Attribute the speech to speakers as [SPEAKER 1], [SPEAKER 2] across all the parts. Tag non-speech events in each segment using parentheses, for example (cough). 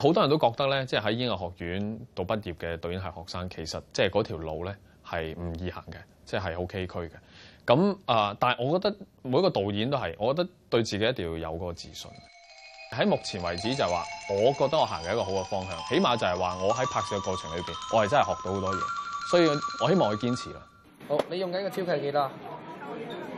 [SPEAKER 1] 好多人都覺得咧，即係喺演藝學院到畢業嘅導演系學生，其實即係嗰條路咧係唔易行嘅，即係好崎嶇嘅。咁啊、呃，但係我覺得每個個導演都係，我覺得對自己一定要有個個自信。喺目前為止就係話，我覺得我行嘅一個好嘅方向，起碼就係話我喺拍攝嘅過程裏邊，我係真係學到好多嘢，所以我希望去堅持啦。好，你用緊個超級係幾多？啊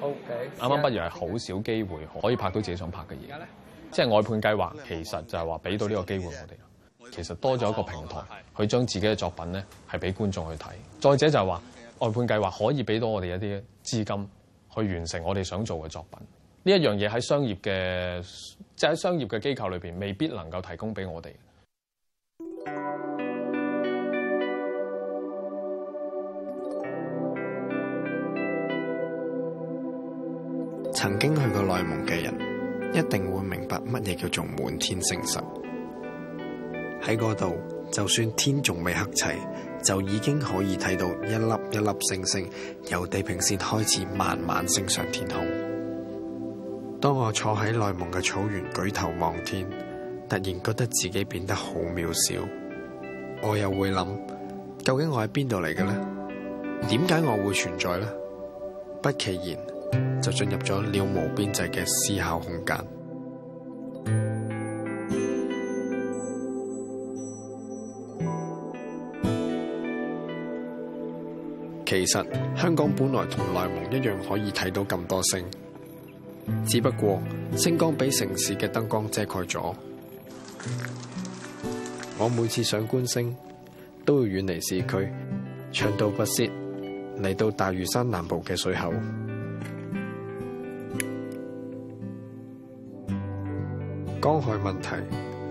[SPEAKER 1] 好。O K 好。啱啱畢業係好少機會可以拍到自己想拍嘅嘢。而家咧？即係外判計劃其實就係話俾到呢個機會，我哋，其實多咗一個平台，去將自己嘅作品咧係俾觀眾去睇。再者就係話外判計劃可以俾到我哋一啲資金去完成我哋想做嘅作品。呢一樣嘢喺商業嘅，即係喺商業嘅機構裏邊未必能夠提供俾我哋。曾經去過內蒙嘅人，一定會明白乜嘢叫做滿天星辰。喺嗰度，就算天仲未黑齊，就已經可以睇到一粒一粒星星，由地平線開始慢慢升上天空。當我坐喺內蒙嘅草原舉頭望天，突然覺得自己變得好渺小。我又會諗，究竟我喺邊度嚟嘅呢？點解我會存在呢？」不其然就進入咗了，了無邊際嘅思考空間。其實香港本來同內蒙一樣可以睇到咁多星，只不過星光俾城市嘅燈光遮蓋咗。我每次想觀星，都要遠離市區，長途跋涉，嚟到大嶼山南部嘅水口。光害問題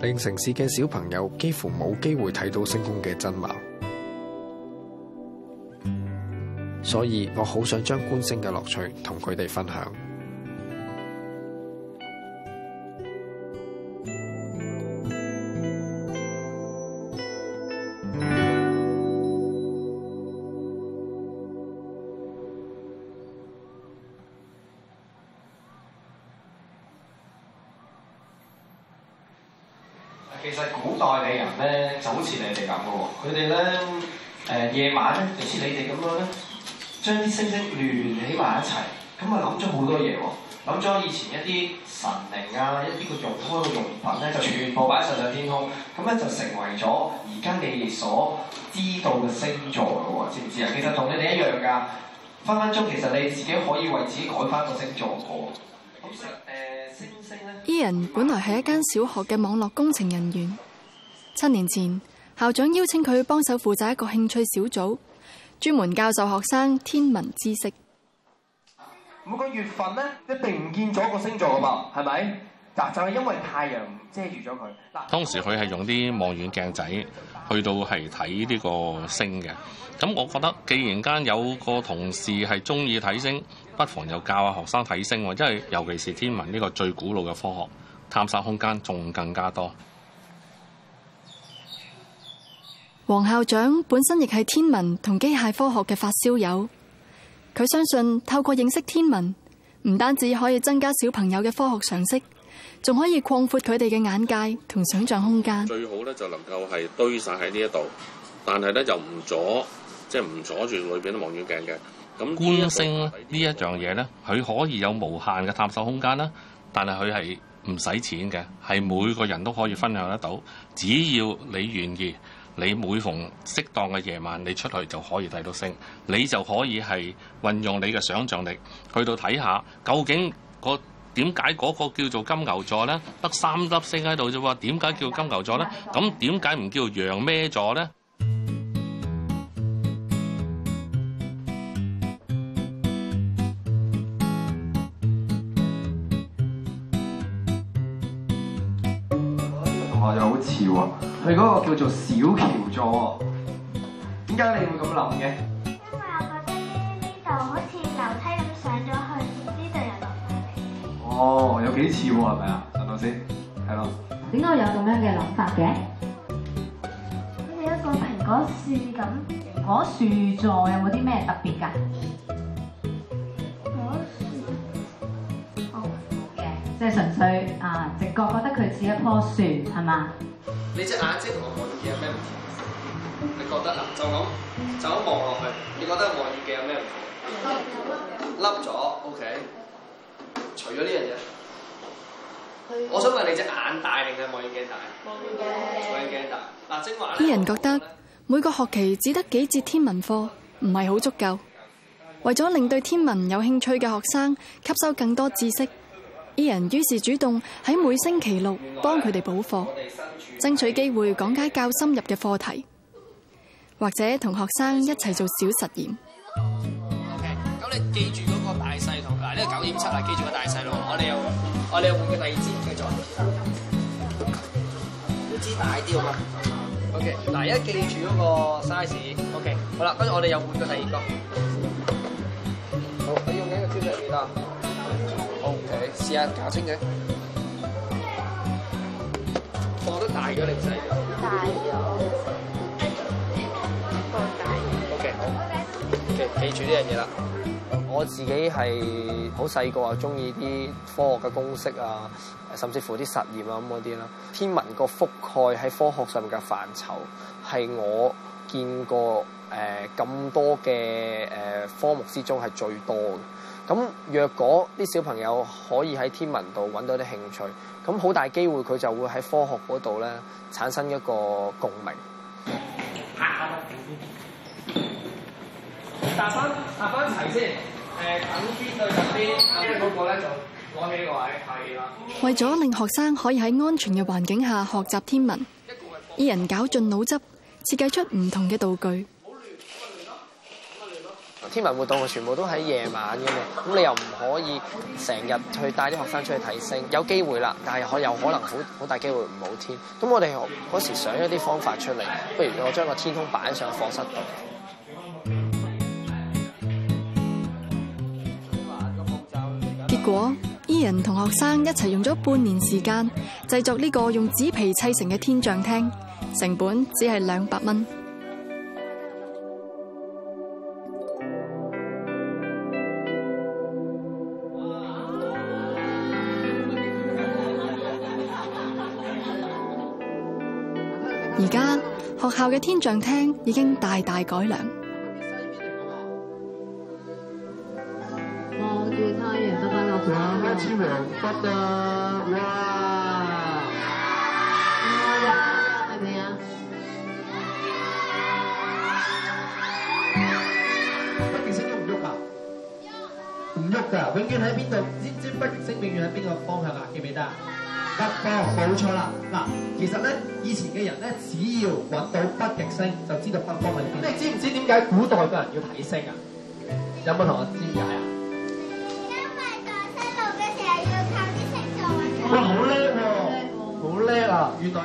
[SPEAKER 1] 令城市嘅小朋友幾乎冇機會睇到星空嘅真貌，所以我好想將觀星嘅樂趣同佢哋分享。咁啊！諗咗好多嘢喎，諗咗以前一啲神靈啊，一啲個用開嘅、啊、用品咧、啊，就全部擺曬上天空，咁咧就成為咗而家你哋所知道嘅星座啦喎，知唔知啊？其實同你哋一樣噶，分分鐘其實你自己可以為自己改翻個星座。好、嗯，咁其實誒星
[SPEAKER 2] 星咧，Ian 本來係一間小學嘅網絡工程人員，七年前校長邀請佢幫手負責一個興趣小組，專門教授學生天文知識。
[SPEAKER 1] 每個月
[SPEAKER 3] 份呢，並不一定唔見咗個星座噶嘛，
[SPEAKER 1] 係咪？嗱，就係、係、因為太陽遮住咗佢。
[SPEAKER 2] 嗱，
[SPEAKER 3] 當時佢係用啲望遠鏡仔去到係睇呢個星嘅。咁我覺得，既然間有個同事係中意睇星，不妨又教下學生睇星喎。因為尤其是天文呢個最古老嘅科學，探索空間仲更加多。
[SPEAKER 2] 黃校長本身亦係天文同機械科學嘅發燒友。佢相信透過認識天文，唔單止可以增加小朋友嘅科學常識，仲可以擴闊佢哋嘅眼界同想象空間。
[SPEAKER 3] 最好咧就能夠係堆晒喺呢一度，但係咧又唔阻，即係唔阻住裏邊啲望遠鏡嘅。咁觀星呢一樣嘢咧，佢可以有無限嘅探索空間啦，但係佢係唔使錢嘅，係每個人都可以分享得到，只要你願意。你每逢適當嘅夜晚，你出去就可以睇到星，你就可以係運用你嘅想像力去到睇下究竟個點解嗰個叫做金牛座呢？得三粒星喺度啫喎，點解叫金牛座呢？咁點解唔叫羊咩座呢？
[SPEAKER 1] 同學又好似喎、啊。佢嗰個叫做小橋座喎，點解你會咁諗嘅？因為我覺得呢呢度好似樓梯咁上咗去，呢度又落嚟。哦，有幾次喎，係咪啊，陳老師，係咯？點解有咁樣嘅諗法嘅？好似一個蘋果樹咁。蘋果樹座有冇啲咩特別㗎？蘋果樹，冇嘅。
[SPEAKER 2] 即係純粹啊，直覺覺得佢似一棵樹，係嘛？
[SPEAKER 1] 你隻眼睛望望遠鏡有咩唔同？你覺得啊？就咁就咁望落去，你覺得望遠鏡有咩
[SPEAKER 4] 唔同？
[SPEAKER 1] 凹咗，凹咗，OK。除咗呢樣嘢，我想問你隻眼大定係望遠鏡大？望遠鏡。望遠鏡大。
[SPEAKER 4] 嗱，精華。啲人覺
[SPEAKER 2] 得每個學期只得幾節天文課，唔係好足夠。為咗令對天文有興趣嘅學生吸收更多知識。Ian 於是主動喺每星期六幫佢哋補課，爭取機會講解較深入嘅課題，或者同學生一齊做小實驗。
[SPEAKER 1] OK，咁你記住嗰個大細同嗱呢個九點七啊，記住嗰個大細咯。我哋又我哋又換個第二支繼續。一支大啲嘛 OK，嗱一記住嗰個 size。OK，好啦，跟住我哋又換咗第二個。好，你用邊個小實驗啊？O K，試下搞清嘅，放得大咗定細咗？大咗，
[SPEAKER 2] 放
[SPEAKER 1] 大。O K，好。記住呢樣嘢啦。我自己係好細個就中意啲科學嘅公式啊，甚至乎啲實驗啊咁啲啦。天文個覆蓋喺科學上面嘅範疇，係我見過誒咁多嘅科目之中係最多嘅。咁若果啲小朋友可以喺天文度揾到啲興趣，咁好大機會佢就會喺科學嗰度咧產生一個共鳴。
[SPEAKER 2] 為
[SPEAKER 1] 先，等就起
[SPEAKER 2] 位。為咗令學生可以喺安全嘅環境下學習天文，二人絞盡腦汁設計出唔同嘅道具。
[SPEAKER 1] 天文活動全部都喺夜晚嘅嘛，咁你又唔可以成日去帶啲學生出去睇星，有機會啦，但係可有可能好好大機會唔好天。咁我哋嗰時想一啲方法出嚟，不如我將個天空擺上課室度。
[SPEAKER 2] 結果，Ian 同學生一齊用咗半年時間製作呢個用紙皮砌成嘅天象廳，成本只係兩百蚊。而家學校嘅天象廳已經大大改良。
[SPEAKER 1] 望住太陽
[SPEAKER 2] 得太陽船。Let's go，八
[SPEAKER 1] 噠啦！係咪啊？北極星喐唔喐噶？唔喐噶。永遠喺邊度？天之北極星永遠喺邊個方向啊？記唔記得？北方冇錯啦，嗱、嗯，其實咧，以前嘅人咧，只要搵到北極星，就知道北方喺邊。你知唔知點解古代嘅人要睇星啊？有冇同我知解啊？因為坐西
[SPEAKER 2] 路嘅時候要靠啲星座揾
[SPEAKER 1] 嘅。好叻喎，好叻啊，遇到。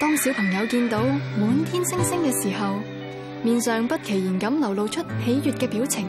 [SPEAKER 2] 當小朋友見到滿天星星嘅時候，面上不其然咁流露出喜悦嘅表情。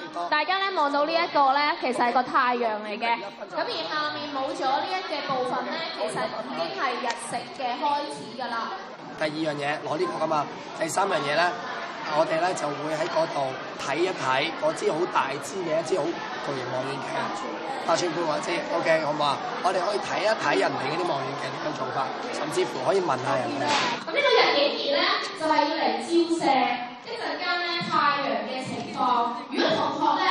[SPEAKER 2] 望到這個呢一個咧，其實係個太陽嚟嘅。咁而
[SPEAKER 1] 下面冇咗呢一個部分咧，其實已經係日食嘅開始㗎啦。第二樣嘢攞呢個啊嘛。第三樣嘢咧，我哋咧就會喺嗰度睇一睇嗰支好大支嘅一支好巨型望遠鏡，八寸配望遠鏡。O K 好唔好啊？我哋、OK，可以睇一睇人哋嗰啲望遠鏡嘅做法，甚至乎可以問下人哋。咁呢個日
[SPEAKER 2] 影儀咧，就係、是、要嚟照射一陣間咧
[SPEAKER 1] 太陽
[SPEAKER 2] 嘅情況。如果同學咧～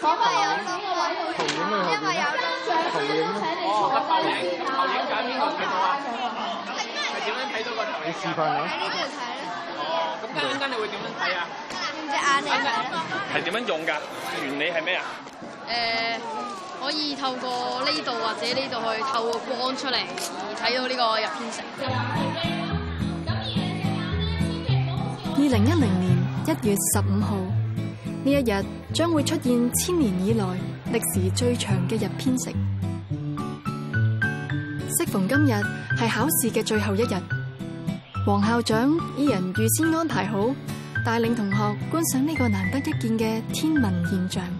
[SPEAKER 2] 嗰個有咁圖好去因為有張相咧，請
[SPEAKER 1] 你坐喺邊頭啊！邊頭啊！坐喺係點樣睇到個示範嘅？喺呢度睇咯。哦，咁陣間你會點樣睇啊？嗯、用隻眼嚟嘅。係點樣用
[SPEAKER 2] 㗎？原理係咩啊？誒、呃，可以透過呢度或者呢度去透個光出嚟，而睇到呢個入邊成。二零一零年一月十五號。呢一日將會出現千年以來歷時最長嘅日偏食。適逢今日係考試嘅最後一日，黃校長二人預先安排好，帶領同學觀賞呢個難得一見嘅天文現象。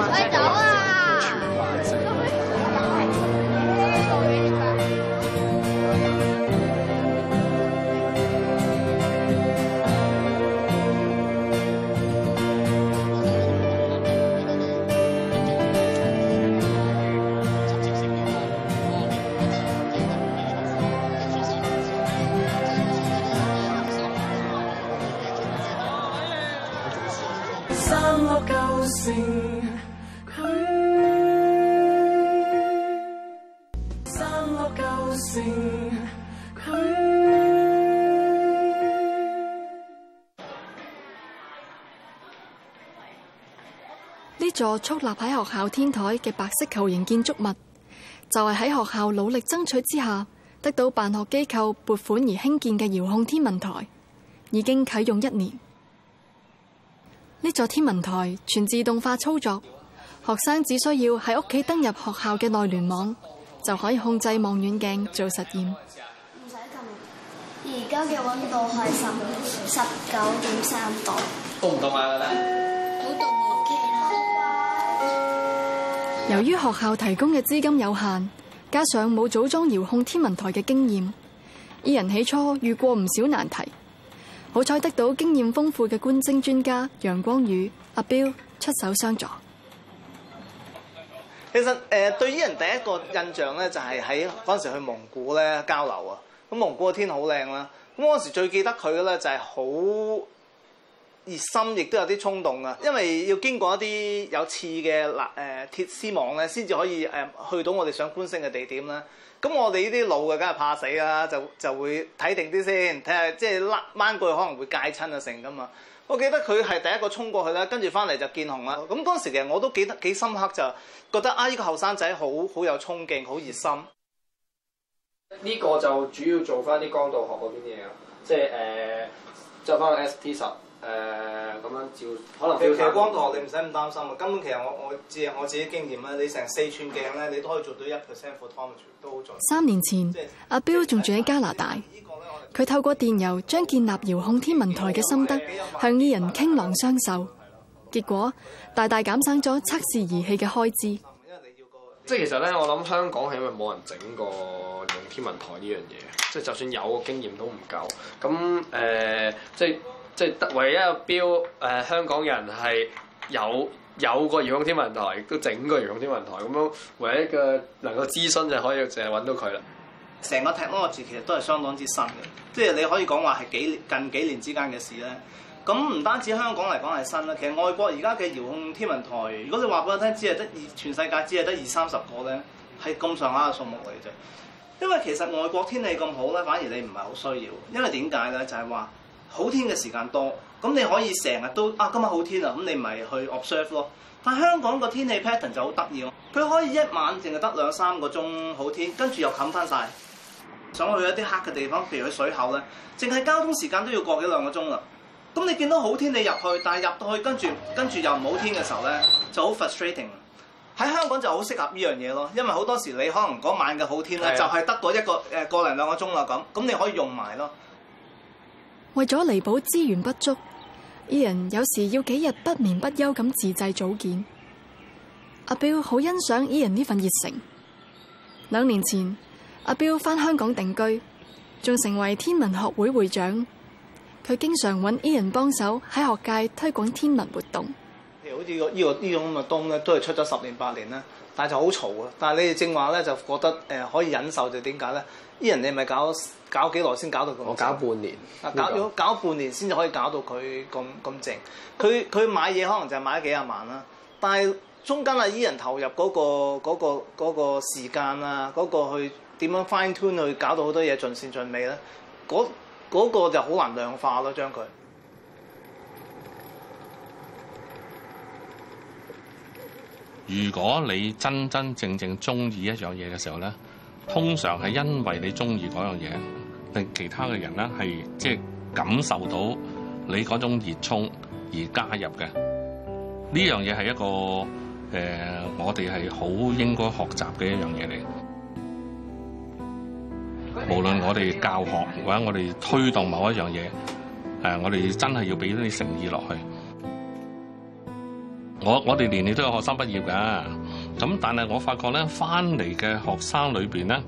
[SPEAKER 2] 一座矗立喺學校天台嘅白色球形建築物，就係喺學校努力爭取之下，得到辦學機構撥款而興建嘅遙控天文台，已經啟用一年。呢座天文台全自動化操作，學生只需要喺屋企登入學校嘅內聯網，就可以控制望遠鏡做實驗。而家嘅溫度係十九點三度，由於學校提供嘅資金有限，加上冇組裝遙控天文台嘅經驗，二人起初遇過唔少難題。好彩得到經驗豐富嘅觀星專家楊光宇、阿彪出手相助。
[SPEAKER 4] 其實誒、呃，對二人第一個印象咧，就係喺嗰陣時去蒙古咧交流啊。咁蒙古嘅天好靚啦。咁嗰陣時最記得佢嘅咧，就係、是、好。熱心亦都有啲衝動噶，因為要經過一啲有刺嘅嗱誒鐵絲網咧，先至可以誒去到我哋想觀星嘅地點啦。咁我哋呢啲老嘅梗係怕死啦，就就會睇定啲先，睇下即係拉掹過去可能會戒親啊成噶嘛。我記得佢係第一個衝過去啦，跟住翻嚟就見紅啦。咁當時其實我都記得幾深刻就覺得啊，呢個後生仔好好有衝勁，好熱心。
[SPEAKER 1] 呢個就主要做翻啲光度學嗰邊啲嘢，即係誒做翻 ST10。就是呃誒咁、呃、樣照，可能。陽光度，你
[SPEAKER 4] 唔使咁擔心啊！根本其實我我借我自己經驗啦，你成四寸鏡咧，你都可以做到一 percent photon，都做。三
[SPEAKER 2] 年前，就是、阿 Bill 仲住喺加拿大，佢透過電郵將建立遙控天文台嘅心得向 Ian 傾囊相授，嗯、結果大大減省咗測試儀器嘅開支。
[SPEAKER 1] 即係其實咧，我諗香港係因為冇人整過用天文台呢樣嘢，即係就算有個經驗都唔夠。咁誒、呃，即係。即係得唯一個標，誒、呃、香港人係有有個遙控天文台，都整個遙控天文台咁樣，唯一嘅能夠諮詢就可以淨係揾到佢啦。成個 technology 其實都係相當之新嘅，即、就、
[SPEAKER 4] 係、是、你可以講話係幾近幾年之間嘅事咧。咁唔單止香港嚟講係新啦，其實外國而家嘅遙控天文台，如果你話俾我聽，只係得全世界只係得二，有二三十個咧，係咁上下嘅數目嚟嘅。因為其實外國天氣咁好咧，反而你唔係好需要。因為點解咧？就係、是、話。好天嘅時間多，咁你可以成日都啊，今日好天啊，咁你咪去 observe 咯。但香港個天氣 pattern 就好得意咯，佢可以一晚淨係得兩三個鐘好天，跟住又冚翻晒。想去一啲黑嘅地方，譬如喺水口咧，淨係交通時間都要過幾兩個鐘啦。咁你見到好天你入去，但入到去跟住跟住又唔好天嘅時候咧，就好 frustrating。喺香港就好適合呢樣嘢咯，因為好多時你可能嗰晚嘅好天咧，的就係得嗰一個誒、呃、個零兩個鐘啦咁，咁你可以用埋咯。
[SPEAKER 2] 為咗彌補資源不足，Ian 有時要幾日不眠不休咁自製組件。阿標好欣賞 Ian 呢份熱誠。兩年前，阿標翻香港定居，仲成為天文學會會長。佢經常搵 Ian 幫手喺學界推廣天文活動。
[SPEAKER 4] 好似呢個呢個呢種咁嘅東咧，都係出咗十年八年啦。但係就好嘈啊！但係你哋正話咧，就覺得誒可以忍受，就點解咧？Ian 你係咪搞搞幾耐先搞到咁？我搞半年，搞咗這個 搞半年先就可以搞到佢咁咁靜。佢佢買嘢可能就買咗幾廿萬啦，但係中間啊，Ian 投入嗰、那個嗰、那個嗰、那個、時間啊，嗰、那個去點樣 fine tune 去搞到好多嘢盡善盡美咧？嗰嗰、那個就好難量化咯，將佢。
[SPEAKER 3] 如果你真真正正中意一樣嘢嘅時候咧，通常係因為你中意嗰樣嘢，令其他嘅人咧係即係感受到你嗰種熱衷而加入嘅。呢樣嘢係一個誒我哋係好應該學習嘅一樣嘢嚟。無論我哋教學或者我哋推動某一樣嘢，誒，我哋真係要俾啲誠意落去。我我哋年年都有學生畢業嘅，咁但係我發覺咧，翻嚟嘅學生裏面咧，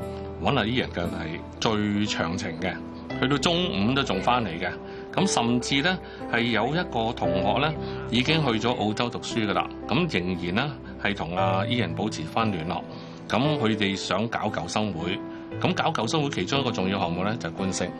[SPEAKER 3] 搵阿 Ian 嘅係最長情嘅。去到中午都仲翻嚟嘅，咁甚至咧係有一個同學咧已經去咗澳洲讀書㗎啦，咁仍然咧係同阿 Ian 保持翻聯絡。咁佢哋想搞舊生會，咁搞舊生會其中一個重要項目咧就係、是、觀星。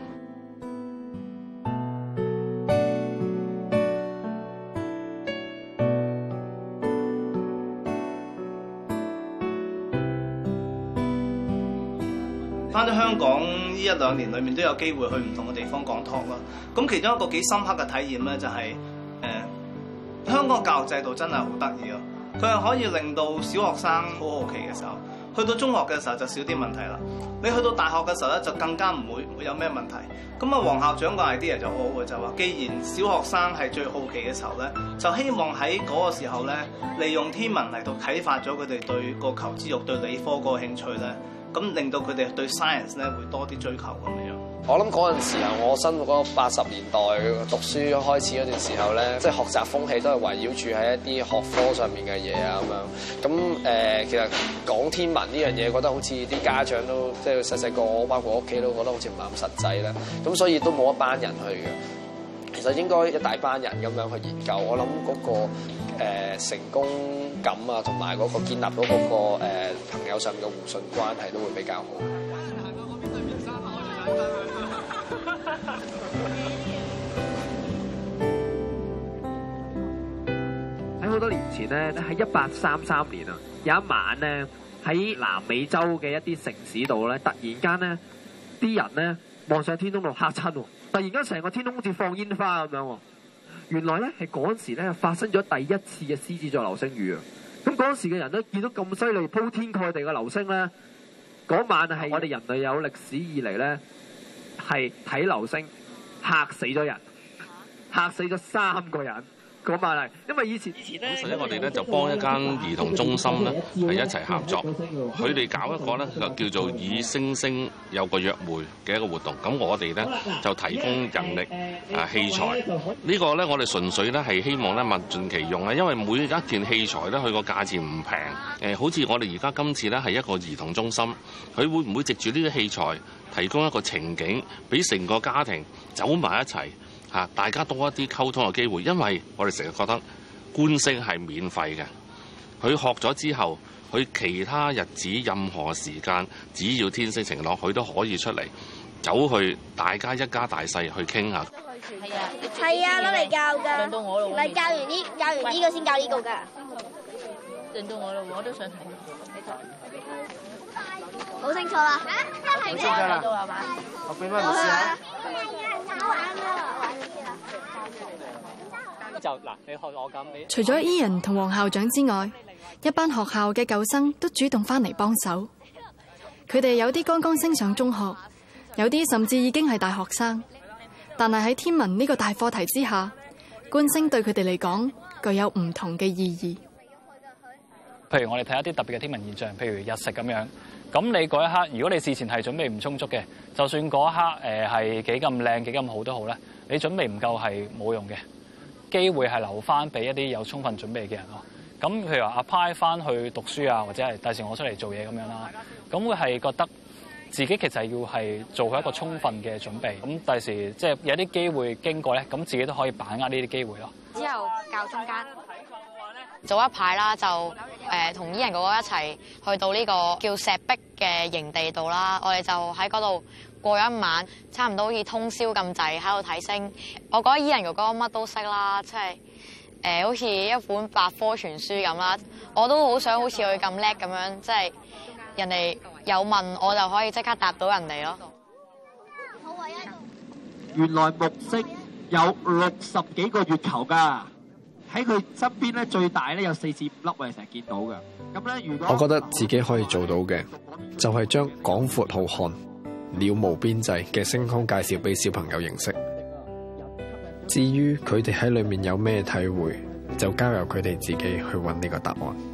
[SPEAKER 4] 翻到香港呢一兩年裏面都有機會去唔同嘅地方講 talk 咯。咁其中一個幾深刻嘅體驗呢，就係、是、誒、呃、香港教育制度真係好得意咯。佢係可以令到小學生好好奇嘅時候，去到中學嘅時候就少啲問題啦。你去到大學嘅時候咧，就更加唔會會有咩問題。咁啊，黃校長個 idea 就好好嘅就話，既然小學生係最好奇嘅時候呢，就希望喺嗰個時候呢，利用天文嚟到啟發咗佢哋對個求知欲、對理科個
[SPEAKER 1] 興趣呢。」咁令到佢哋對 science 咧會多啲追求咁樣。我諗嗰陣時候，我生活嗰八十年代讀書開始嗰段時候咧，即係學習風氣都係圍繞住喺一啲學科上面嘅嘢啊咁樣。咁誒，其實講天文呢樣嘢，覺得好似啲家長都即係細細個，包括屋企都覺得好似唔係咁實際啦。咁所以都冇一班人去嘅。其實應該一大班人咁樣去研究。我諗嗰個。誒、呃、成功感啊，同埋嗰個建立到嗰、那個誒、呃、朋友上嘅互信關係都會比較好。喺好多年前咧，喺一八三三年啊，有一晚咧喺南美洲嘅一啲城市度咧，突然間咧啲人咧望上天空度嚇親喎，突然間成個天空好似放煙花咁樣喎。原來咧係嗰陣時咧發生咗第一次嘅獅子座流星雨啊！咁嗰陣時嘅人咧見到咁犀利，鋪天蓋地嘅流星咧，嗰晚係我哋人類有歷史以嚟，咧係睇流星嚇死咗人，嚇死咗三個人。講埋
[SPEAKER 2] 嚟，因為以前以前咧，咁所以我哋咧就幫一間兒童中心咧
[SPEAKER 3] 係一齊合作，佢哋搞一個咧就叫做以星星有個約會嘅一個活動，咁我哋咧就提供人力啊，器材。這個、呢個咧我哋純粹咧係希望咧物盡其用啊，因為每一件器材咧佢個價錢唔平。誒，好似我哋而家今次咧係一個兒童中心，佢會唔會藉住呢啲器材提供一個情景，俾成個家庭走埋一齊。嚇！大家多一啲溝通嘅機會，因為我哋成日覺得觀星係免費嘅。佢學咗之後，佢其他日子任何時間只要天色晴朗，佢都可以出嚟走去，大家一家大細去傾下。
[SPEAKER 2] 係啊，係啊，攞嚟教噶。輪到我咯。嚟教完呢，教完呢個先教呢個，㗎。輪到我咯，我都
[SPEAKER 1] 想睇。好清楚啦！好、
[SPEAKER 2] 啊、清楚啦！我俾翻老師啦。就嗱、啊，你學我咁。啊啊、除咗 Ian 同黃校長之外，一班學校嘅舊生都主動翻嚟幫手。佢哋 (laughs) 有啲剛剛升上中學，有啲甚至已經係大學生。但係喺天文呢個大課題之下，觀星對佢哋嚟講具有唔同嘅意義。
[SPEAKER 3] 譬如我哋睇一啲特別嘅天文現象，譬如日食咁樣。咁你嗰一刻，如果你事前係準備唔充足嘅，就算嗰一刻誒係幾咁靚幾咁好都好咧，你準備唔夠係冇用嘅，機會係留翻俾一啲有充分準備嘅人咯。咁譬如話 apply 翻去讀書啊，或者係第時我出嚟做嘢咁樣啦，咁會係覺得自己其實要係做一個充分嘅準備，咁第時即係有啲機會經過咧，咁自己都可以把握呢啲機會咯。之後教中間。哎
[SPEAKER 2] 早一排啦，就誒同伊人哥哥一齊去到呢個叫石壁嘅營地度啦。我哋就喺嗰度過一晚，差唔多好似通宵咁滯喺度睇星，星。我覺得伊、e、人哥哥乜都識啦，即係誒好似一本百科全書咁啦。我都好想好似佢咁叻咁樣，即係人哋有問我就可以即刻答到人哋咯。
[SPEAKER 1] 原來木星有六十幾個月球㗎。喺佢側邊咧，最大咧有四至五粒我哋成日見到噶。咁咧，如果我覺得自己可以做到嘅，就係將廣闊浩瀚、了無邊際嘅星空介紹俾小朋友認識。至於佢哋喺裡面有咩體會，就交由佢哋自己去揾呢個答案。